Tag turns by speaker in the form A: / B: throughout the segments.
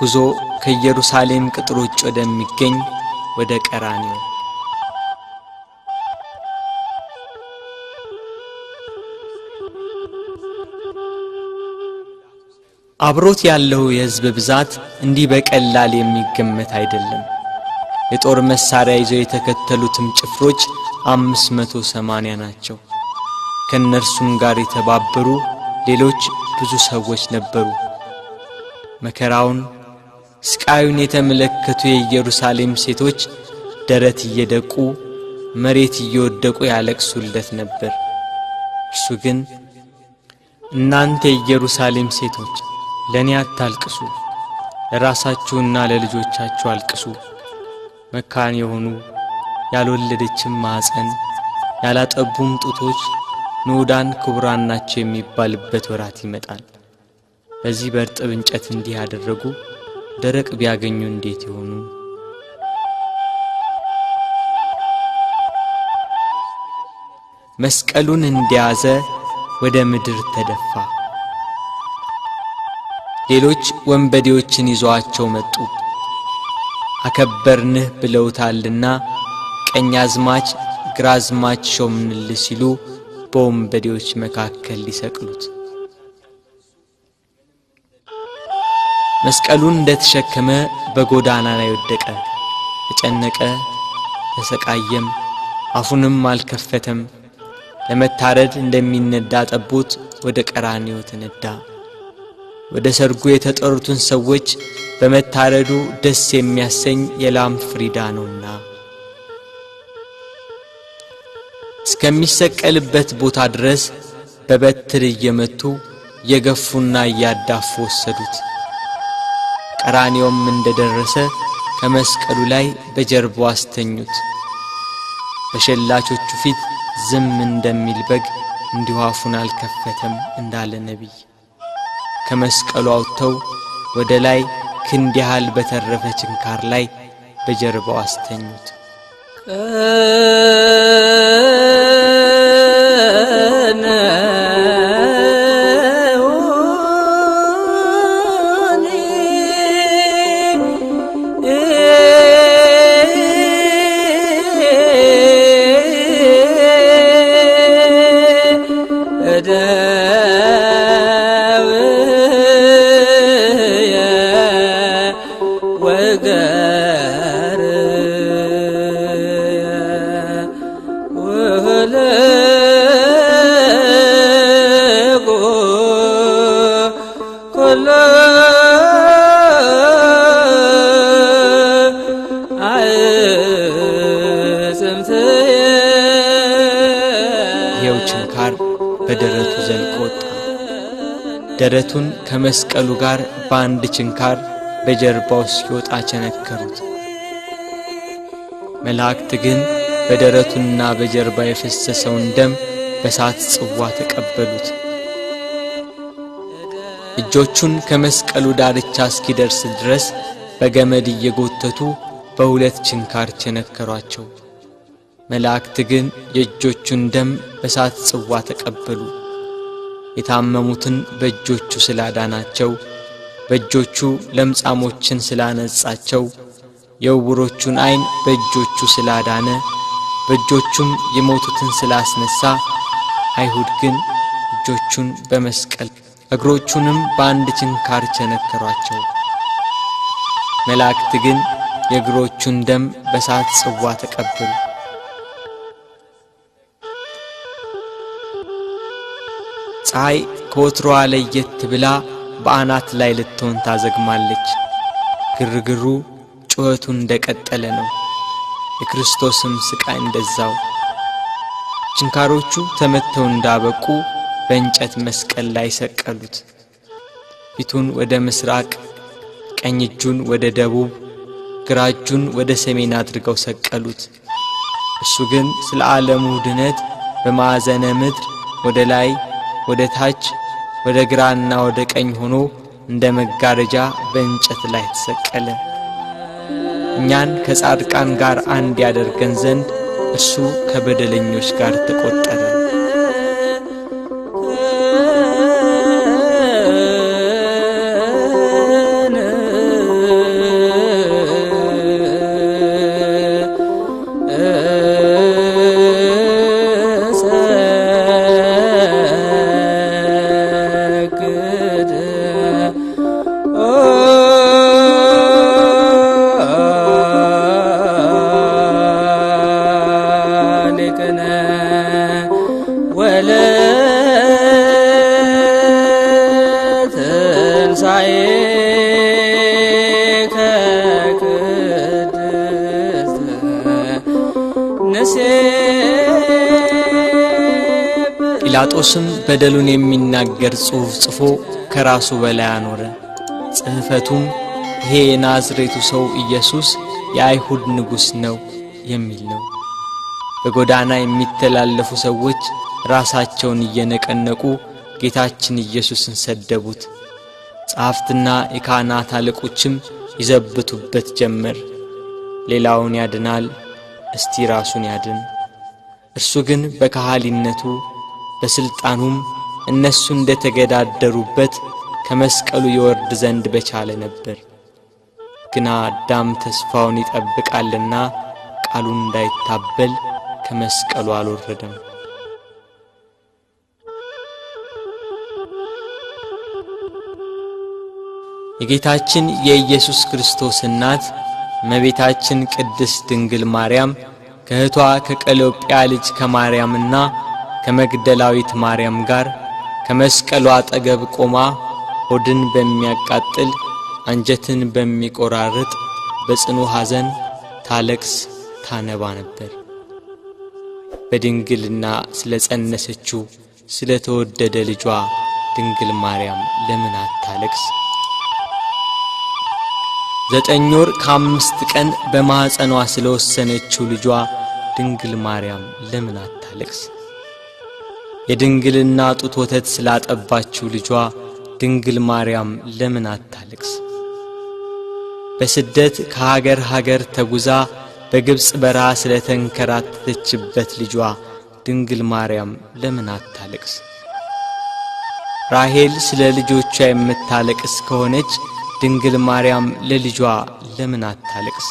A: ጉዞ ከኢየሩሳሌም ቅጥሮች ወደሚገኝ ወደ ቀራንዮ አብሮት ያለው የሕዝብ ብዛት እንዲህ በቀላል የሚገመት አይደለም። የጦር መሳሪያ ይዘው የተከተሉትም ጭፍሮች አምስት መቶ ሰማንያ ናቸው። ከእነርሱም ጋር የተባበሩ ሌሎች ብዙ ሰዎች ነበሩ። መከራውን ስቃዩን የተመለከቱ የኢየሩሳሌም ሴቶች ደረት እየደቁ መሬት እየወደቁ ያለቅሱለት ነበር። እርሱ ግን እናንተ የኢየሩሳሌም ሴቶች ለእኔ አታልቅሱ፣ ለራሳችሁና ለልጆቻችሁ አልቅሱ። መካን የሆኑ ያልወለደችም ማፀን ያላጠቡም ጡቶች ንዑዳን ክቡራን ናቸው የሚባልበት ወራት ይመጣል። በዚህ በርጥብ እንጨት እንዲህ ያደረጉ ደረቅ ቢያገኙ እንዴት ይሆኑ? መስቀሉን እንደያዘ ወደ ምድር ተደፋ። ሌሎች ወንበዴዎችን ይዟቸው መጡ። አከበርንህ ብለውታልና ግራ ግራዝማች ሾምንል ሲሉ በወንበዴዎች መካከል ሊሰቅሉት መስቀሉን እንደተሸከመ በጎዳና ላይ ወደቀ። ተጨነቀ፣ ተሰቃየም፣ አፉንም አልከፈተም። ለመታረድ እንደሚነዳ ጠቦት ወደ ቀራንዮ ተነዳ። ወደ ሰርጉ የተጠሩትን ሰዎች በመታረዱ ደስ የሚያሰኝ የላም ፍሪዳ ነውና እስከሚሰቀልበት ቦታ ድረስ በበትር እየመቱ እየገፉና እያዳፉ ወሰዱት። ቀራንዮም እንደደረሰ ከመስቀሉ ላይ በጀርባው አስተኙት። በሸላቾቹ ፊት ዝም እንደሚል በግ እንዲሁ አፉን አልከፈተም እንዳለ ነቢይ ከመስቀሉ አውጥተው ወደ ላይ ክንድ ያህል በተረፈ ችንካር ላይ በጀርባው አስተኙት። ደረቱን ከመስቀሉ ጋር በአንድ ችንካር በጀርባው እስኪወጣ ቸነከሩት። መላእክት ግን በደረቱና በጀርባ የፈሰሰውን ደም በሳት ጽዋ ተቀበሉት። እጆቹን ከመስቀሉ ዳርቻ እስኪደርስ ድረስ በገመድ እየጎተቱ በሁለት ችንካር ቸነከሯቸው። መላእክት ግን የእጆቹን ደም በሳት ጽዋ ተቀበሉ። የታመሙትን በእጆቹ ስላዳናቸው፣ በእጆቹ ለምጻሞችን ስላነጻቸው፣ የውሮቹን ዐይን በእጆቹ ስላዳነ፣ በእጆቹም የሞቱትን ስላስነሣ አይሁድ ግን እጆቹን በመስቀል እግሮቹንም በአንድ ችንካር ቸነከሯቸው። መላእክት ግን የእግሮቹን ደም በሳት ጽዋ ተቀበሉ። ፀሐይ ከወትሮዋ ለየት ብላ በአናት ላይ ልትሆን ታዘግማለች። ግርግሩ ጩኸቱ እንደቀጠለ ነው። የክርስቶስም ስቃይ እንደዛው። ችንካሮቹ ተመተው እንዳበቁ በእንጨት መስቀል ላይ ሰቀሉት። ፊቱን ወደ ምስራቅ፣ ቀኝ እጁን ወደ ደቡብ፣ ግራ እጁን ወደ ሰሜን አድርገው ሰቀሉት። እሱ ግን ስለ ዓለሙ ድነት በማዕዘነ ምድር ወደ ላይ ወደ ታች ወደ ግራና ወደ ቀኝ ሆኖ እንደ መጋረጃ በእንጨት ላይ ተሰቀለ። እኛን ከጻድቃን ጋር አንድ ያደርገን ዘንድ እርሱ ከበደለኞች ጋር ተቆጠረ። ጲላጦስም በደሉን የሚናገር ጽሑፍ ጽፎ ከራሱ በላይ አኖረ። ጽሕፈቱም ይሄ የናዝሬቱ ሰው ኢየሱስ የአይሁድ ንጉሥ ነው የሚል ነው። በጎዳና የሚተላለፉ ሰዎች ራሳቸውን እየነቀነቁ ጌታችን ኢየሱስን ሰደቡት። ጻፍትና የካህናት አለቆችም ይዘብቱበት ጀመር። ሌላውን ያድናል፣ እስቲ ራሱን ያድን። እርሱ ግን በካህሊነቱ በሥልጣኑም እነሱ እንደ ተገዳደሩበት ከመስቀሉ ይወርድ ዘንድ በቻለ ነበር። ግና አዳም ተስፋውን ይጠብቃልና ቃሉን እንዳይታበል ከመስቀሉ አልወረደም። የጌታችን የኢየሱስ ክርስቶስ እናት መቤታችን ቅድስ ድንግል ማርያም ከእህቷ ከቀሎጵያ ልጅ ከማርያምና ከመግደላዊት ማርያም ጋር ከመስቀሉ አጠገብ ቆማ ሆድን በሚያቃጥል አንጀትን በሚቆራርጥ በጽኑ ሐዘን ታለቅስ ታነባ ነበር። በድንግልና ስለ ጸነሰችው ስለ ተወደደ ልጇ ድንግል ማርያም ለምን አታለቅስ? ዘጠኝ ወር ከአምስት ቀን በማኅፀኗ ስለ ወሰነችው ልጇ ድንግል ማርያም ለምን አታለቅስ? የድንግልና ጡት ወተት ስላጠባችው ልጇ ድንግል ማርያም ለምን አታልቅስ? በስደት ከሀገር ሀገር ተጉዛ በግብፅ በረሃ ስለተንከራተተችበት ልጇ ድንግል ማርያም ለምን አታልቅስ? ራሔል ስለ ልጆቿ የምታለቅስ ከሆነች ድንግል ማርያም ለልጇ ለምን አታልቅስ?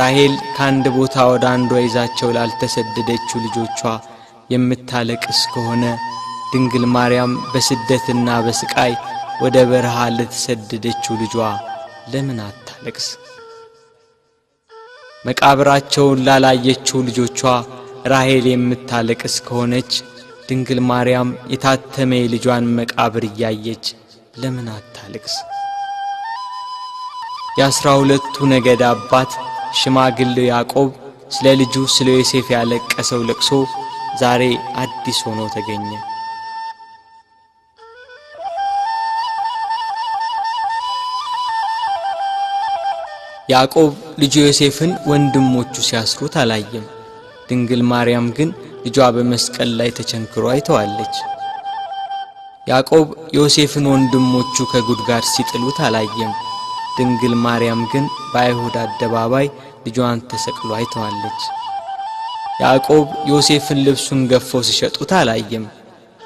A: ራሔል ከአንድ ቦታ ወደ አንዷ ይዛቸው ላልተሰደደችው ልጆቿ የምታለቅስ ከሆነ ድንግል ማርያም በስደትና በስቃይ ወደ በረሃ ለተሰደደችው ልጇ ለምን አታለቅስ? መቃብራቸውን ላላየችው ልጆቿ ራሄል የምታለቅስ ከሆነች ድንግል ማርያም የታተመ የልጇን መቃብር እያየች ለምን አታልቅስ የአስራ ሁለቱ ነገድ አባት ሽማግሌው ያዕቆብ ስለ ልጁ ስለ ዮሴፍ ያለቀሰው ለቅሶ ዛሬ አዲስ ሆኖ ተገኘ። ያዕቆብ ልጁ ዮሴፍን ወንድሞቹ ሲያስሩት አላየም። ድንግል ማርያም ግን ልጇ በመስቀል ላይ ተቸንክሮ አይተዋለች። ያዕቆብ ዮሴፍን ወንድሞቹ ከጉድጓድ ሲጥሉት አላየም። ድንግል ማርያም ግን በአይሁድ አደባባይ ልጇን ተሰቅሎ አይተዋለች። ያዕቆብ ዮሴፍን ልብሱን ገፈው ሲሸጡት አላየም።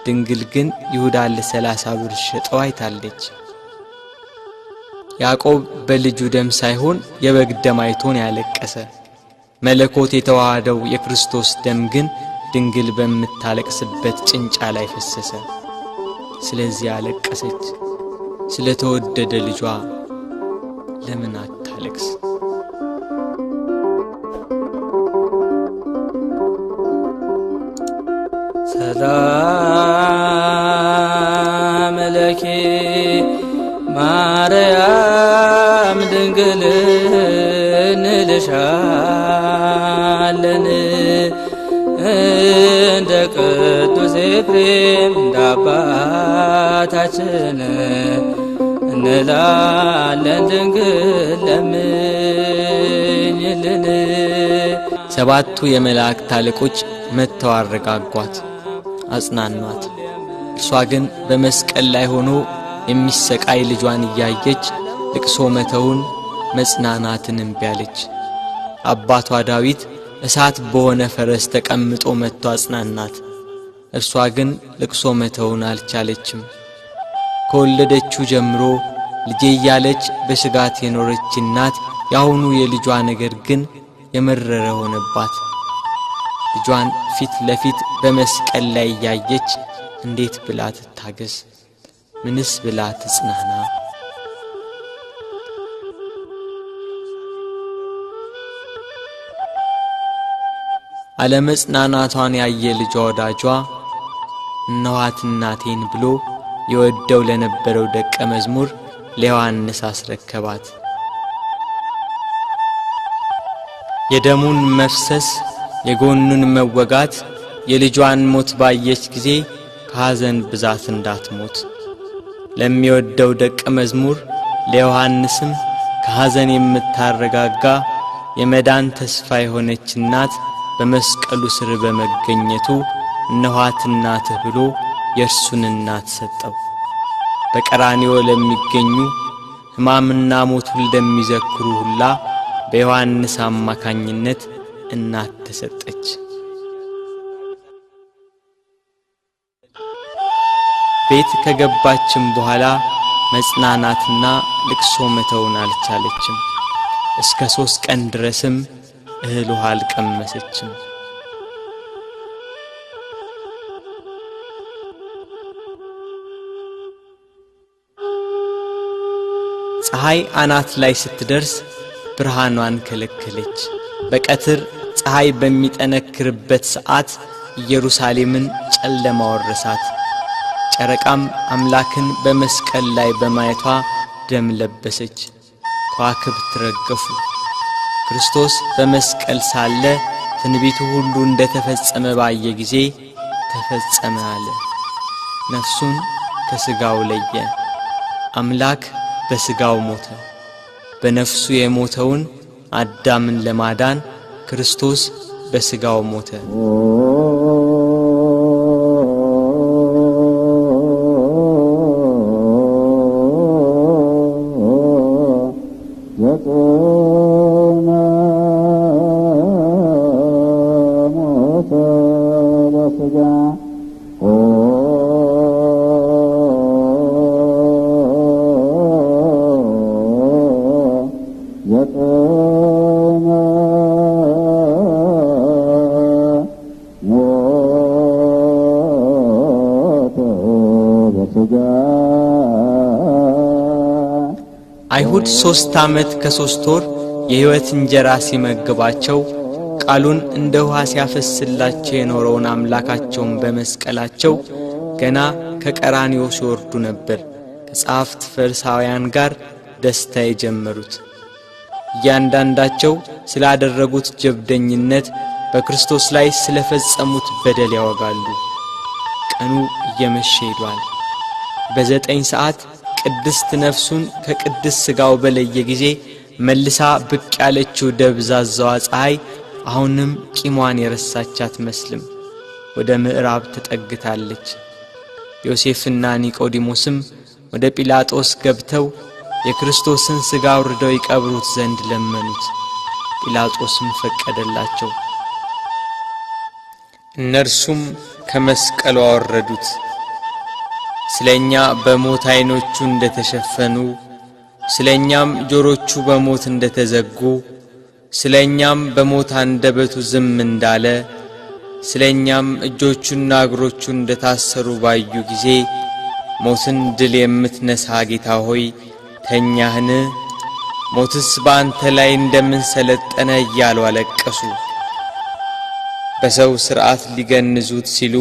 A: ድንግል ግን ይሁዳ ለሰላሳ ብር ሸጠው አይታለች። ያዕቆብ በልጁ ደም ሳይሆን የበግ ደም አይቶን ያለቀሰ፣ መለኮት የተዋሃደው የክርስቶስ ደም ግን ድንግል በምታለቅስበት ጭንጫ ላይ ፈሰሰ። ስለዚህ አለቀሰች። ስለተወደደ ልጇ ለምን አታለቅስ?
B: ሰላም ለኪ ማርያም ድንግል እንልሻለን
C: እንደ ቅዱስ ኤፍሬም እንደ አባታችን እንላለን ድንግል
A: ለምኝልን። ሰባቱ የመላእክት አለቆች መጥተው አረጋጓት። አጽናኗት። እርሷ ግን በመስቀል ላይ ሆኖ የሚሰቃይ ልጇን እያየች ልቅሶ መተውን መጽናናትን እምቢ አባቷ ዳዊት እሳት በሆነ ፈረስ ተቀምጦ መጥቶ አጽናናት። እርሷ ግን ልቅሶ መተውን አልቻለችም። ከወለደችው ጀምሮ ልጄ እያለች በስጋት የኖረች እናት የአሁኑ የልጇ ነገር ግን የመረረ ሆነባት። ልጇን ፊት ለፊት በመስቀል ላይ እያየች እንዴት ብላ ትታገስ? ምንስ ብላ ትጽናና? አለመጽናናቷን ያየ ልጇ ወዳጇ እነኋት እናቴን ብሎ የወደው ለነበረው ደቀ መዝሙር ለዮሐንስ አስረከባት። የደሙን መፍሰስ የጎኑን መወጋት የልጇን ሞት ባየች ጊዜ ከሐዘን ብዛት እንዳትሞት ለሚወደው ደቀ መዝሙር ለዮሐንስም ከሐዘን የምታረጋጋ የመዳን ተስፋ የሆነች እናት በመስቀሉ ስር በመገኘቱ እነኋት እናትህ ብሎ የእርሱን እናት ሰጠው። በቀራንዮ ለሚገኙ ሕማምና ሞቱን ለሚዘክሩ ሁላ በዮሐንስ አማካኝነት እናት ተሰጠች። ቤት ከገባችም በኋላ መጽናናትና ልቅሶ መተውን አልቻለችም። እስከ ሦስት ቀን ድረስም እህል ውሃ አልቀመሰችም። ፀሐይ አናት ላይ ስትደርስ ብርሃኗን ከለከለች። በቀትር ፀሐይ በሚጠነክርበት ሰዓት ኢየሩሳሌምን ጨለማ ወረሳት። ጨረቃም አምላክን በመስቀል ላይ በማየቷ ደም ለበሰች፣ ከዋክብት ረገፉ። ክርስቶስ በመስቀል ሳለ ትንቢቱ ሁሉ እንደ ተፈጸመ ባየ ጊዜ ተፈጸመ አለ። ነፍሱን ከሥጋው ለየ። አምላክ በሥጋው ሞተ። በነፍሱ የሞተውን አዳምን ለማዳን ክርስቶስ በሥጋው ሞተ። አይሁድ ሦስት ዓመት ከሦስት ወር የሕይወት እንጀራ ሲመግባቸው ቃሉን እንደ ውኃ ሲያፈስላቸው የኖረውን አምላካቸውን በመስቀላቸው ገና ከቀራኒዮ ሲወርዱ ነበር ከጻፍት ፈሪሳውያን ጋር ደስታ የጀመሩት። እያንዳንዳቸው ስላደረጉት ጀብደኝነት፣ በክርስቶስ ላይ ስለፈጸሙት በደል ያወጋሉ። ቀኑ እየመሸ ሄዷል። በዘጠኝ ሰዓት ቅድስት ነፍሱን ከቅድስት ሥጋው በለየ ጊዜ መልሳ ብቅ ያለችው ደብዛዛዋ ፀሐይ አሁንም ቂሟን የረሳች አትመስልም። ወደ ምዕራብ ተጠግታለች። ዮሴፍና ኒቆዲሞስም ወደ ጲላጦስ ገብተው የክርስቶስን ሥጋ ውርደው ይቀብሩት ዘንድ ለመኑት። ጲላጦስም ፈቀደላቸው። እነርሱም ከመስቀሉ አወረዱት። ስለ እኛ በሞት ዐይኖቹ እንደ ተሸፈኑ፣ ስለ እኛም ጆሮቹ በሞት እንደ ተዘጉ፣ ስለ እኛም በሞት አንደበቱ ዝም እንዳለ፣ ስለ እኛም እጆቹና እግሮቹ እንደ ታሰሩ ባዩ ጊዜ ሞትን ድል የምትነሳ ጌታ ሆይ ተኛህን? ሞትስ በአንተ ላይ እንደምን ሰለጠነ እያሉ አለቀሱ። በሰው ሥርዓት ሊገንዙት ሲሉ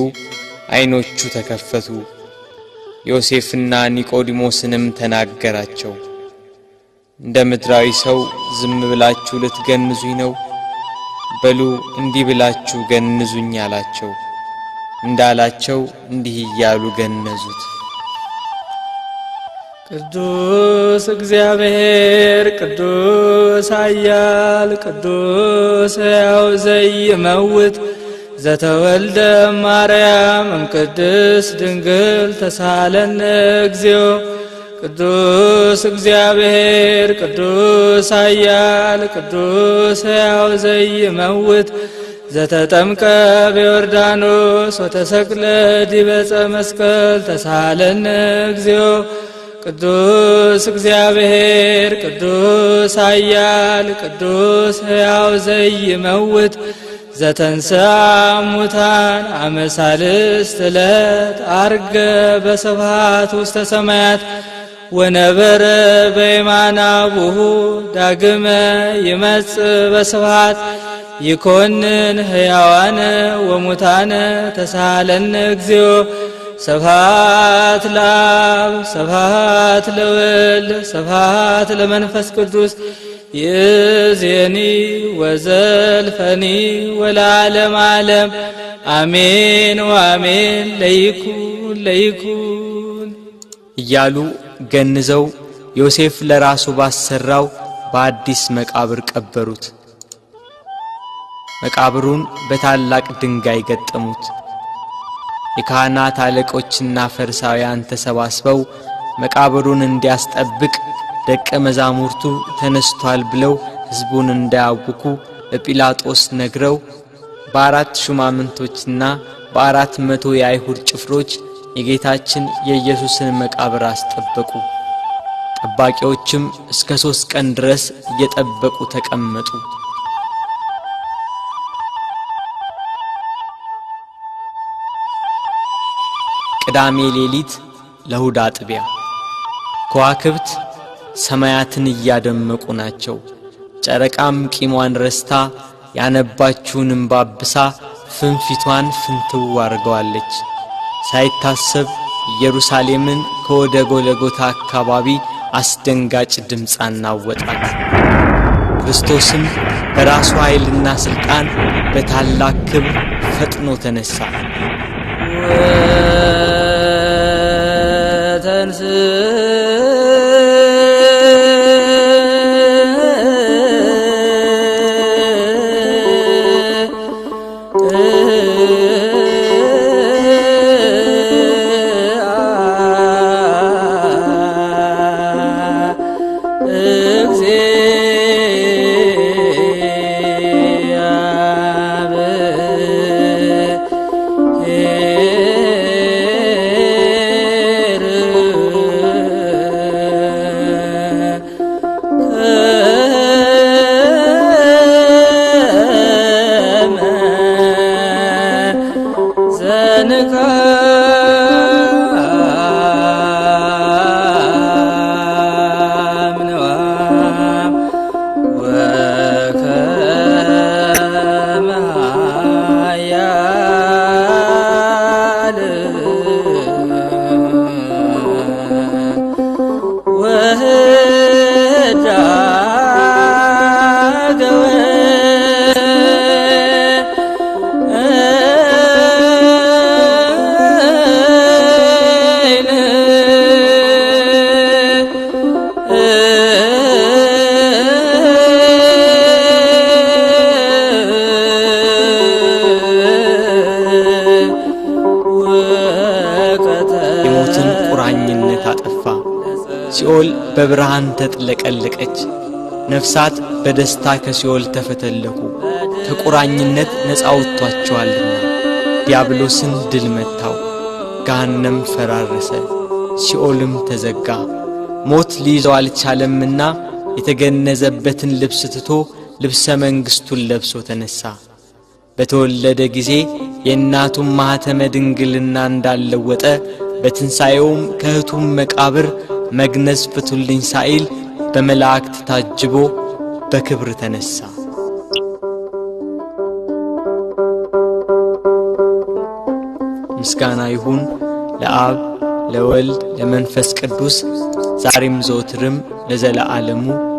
A: ዐይኖቹ ተከፈቱ። ዮሴፍና ኒቆዲሞስንም ተናገራቸው። እንደ ምድራዊ ሰው ዝም ብላችሁ ልትገንዙኝ ነው? በሉ እንዲህ ብላችሁ ገንዙኝ አላቸው። እንዳላቸው እንዲህ እያሉ ገነዙት።
C: ቅዱስ እግዚአብሔር ቅዱስ አያል ቅዱስ ዘይ መውት ዘተወልደ ማርያም እምቅድስት ድንግል ተሳለን እግዚኦ ቅዱስ እግዚአብሔር ቅዱስ አያል ቅዱስ ሕያው ዘይመውት ዘተጠምቀ በዮርዳኖስ ወተሰቅለ ዲበ መስቀል ተሳለን እግዚኦ ቅዱስ እግዚአብሔር ቅዱስ አያል ቅዱስ ሕያው ዘይመውት ዘተንስአ እሙታን አመ ዕለት አርገ በስፋት ውስተ ሰማያት ወነበረ በየማነ አቡሁ ዳግመ ይመጽእ በስብሐት ይኮንን ሕያዋነ ወሙታነ ተሳሃለነ እግዚኦ ስብሐት ለአብ ስብሐት ለወልድ ስብሐት ለመንፈስ ቅዱስ ይዜኒ ወዘልፈኒ ወለዓለም
A: ዓለም አሜን ወአሜን ለይኩን ለይኩን እያሉ ገንዘው ዮሴፍ ለራሱ ባሰራው በአዲስ መቃብር ቀበሩት። መቃብሩን በታላቅ ድንጋይ ገጠሙት። የካህናት አለቆችና ፈሪሳውያን ተሰባስበው መቃብሩን እንዲያስጠብቅ ደቀ መዛሙርቱ ተነስቷል ብለው ሕዝቡን እንዳያውኩ ለጲላጦስ ነግረው በአራት ሹማምንቶችና በአራት መቶ የአይሁድ ጭፍሮች የጌታችን የኢየሱስን መቃብር አስጠበቁ። ጠባቂዎችም እስከ ሦስት ቀን ድረስ እየጠበቁ ተቀመጡ። ቅዳሜ ሌሊት ለእሁድ አጥቢያ ከዋክብት ሰማያትን እያደመቁ ናቸው። ጨረቃም ቂሟን ረስታ ያነባችውን እምባ ፍንፊቷን ፍንትው አርገዋለች ሳይታሰብ ኢየሩሳሌምን ከወደ ጎለጎታ አካባቢ አስደንጋጭ ድምፅ አናወጣት። ክርስቶስም በራሱ ኃይልና ሥልጣን በታላቅ ክብር ፈጥኖ ተነሳ። ወተንስ በብርሃን ተጥለቀለቀች። ነፍሳት በደስታ ከሲኦል ተፈተለኩ፣ ከቁራኝነት ነፃ ወጥቷቸዋልና። ዲያብሎስን ድል መታው፣ ገሃነም ፈራረሰ፣ ሲኦልም ተዘጋ። ሞት ሊይዘው አልቻለምና የተገነዘበትን ልብስ ትቶ ልብሰ መንግሥቱን ለብሶ ተነሣ። በተወለደ ጊዜ የእናቱም ማኅተመ ድንግልና እንዳለወጠ በትንሣኤውም ከእህቱም መቃብር መግነዝ ፍቱልኝ ሳይል በመላእክት ታጅቦ በክብር ተነሳ። ምስጋና ይሁን ለአብ ለወልድ ለመንፈስ ቅዱስ ዛሬም ዘወትርም ለዘለዓለሙ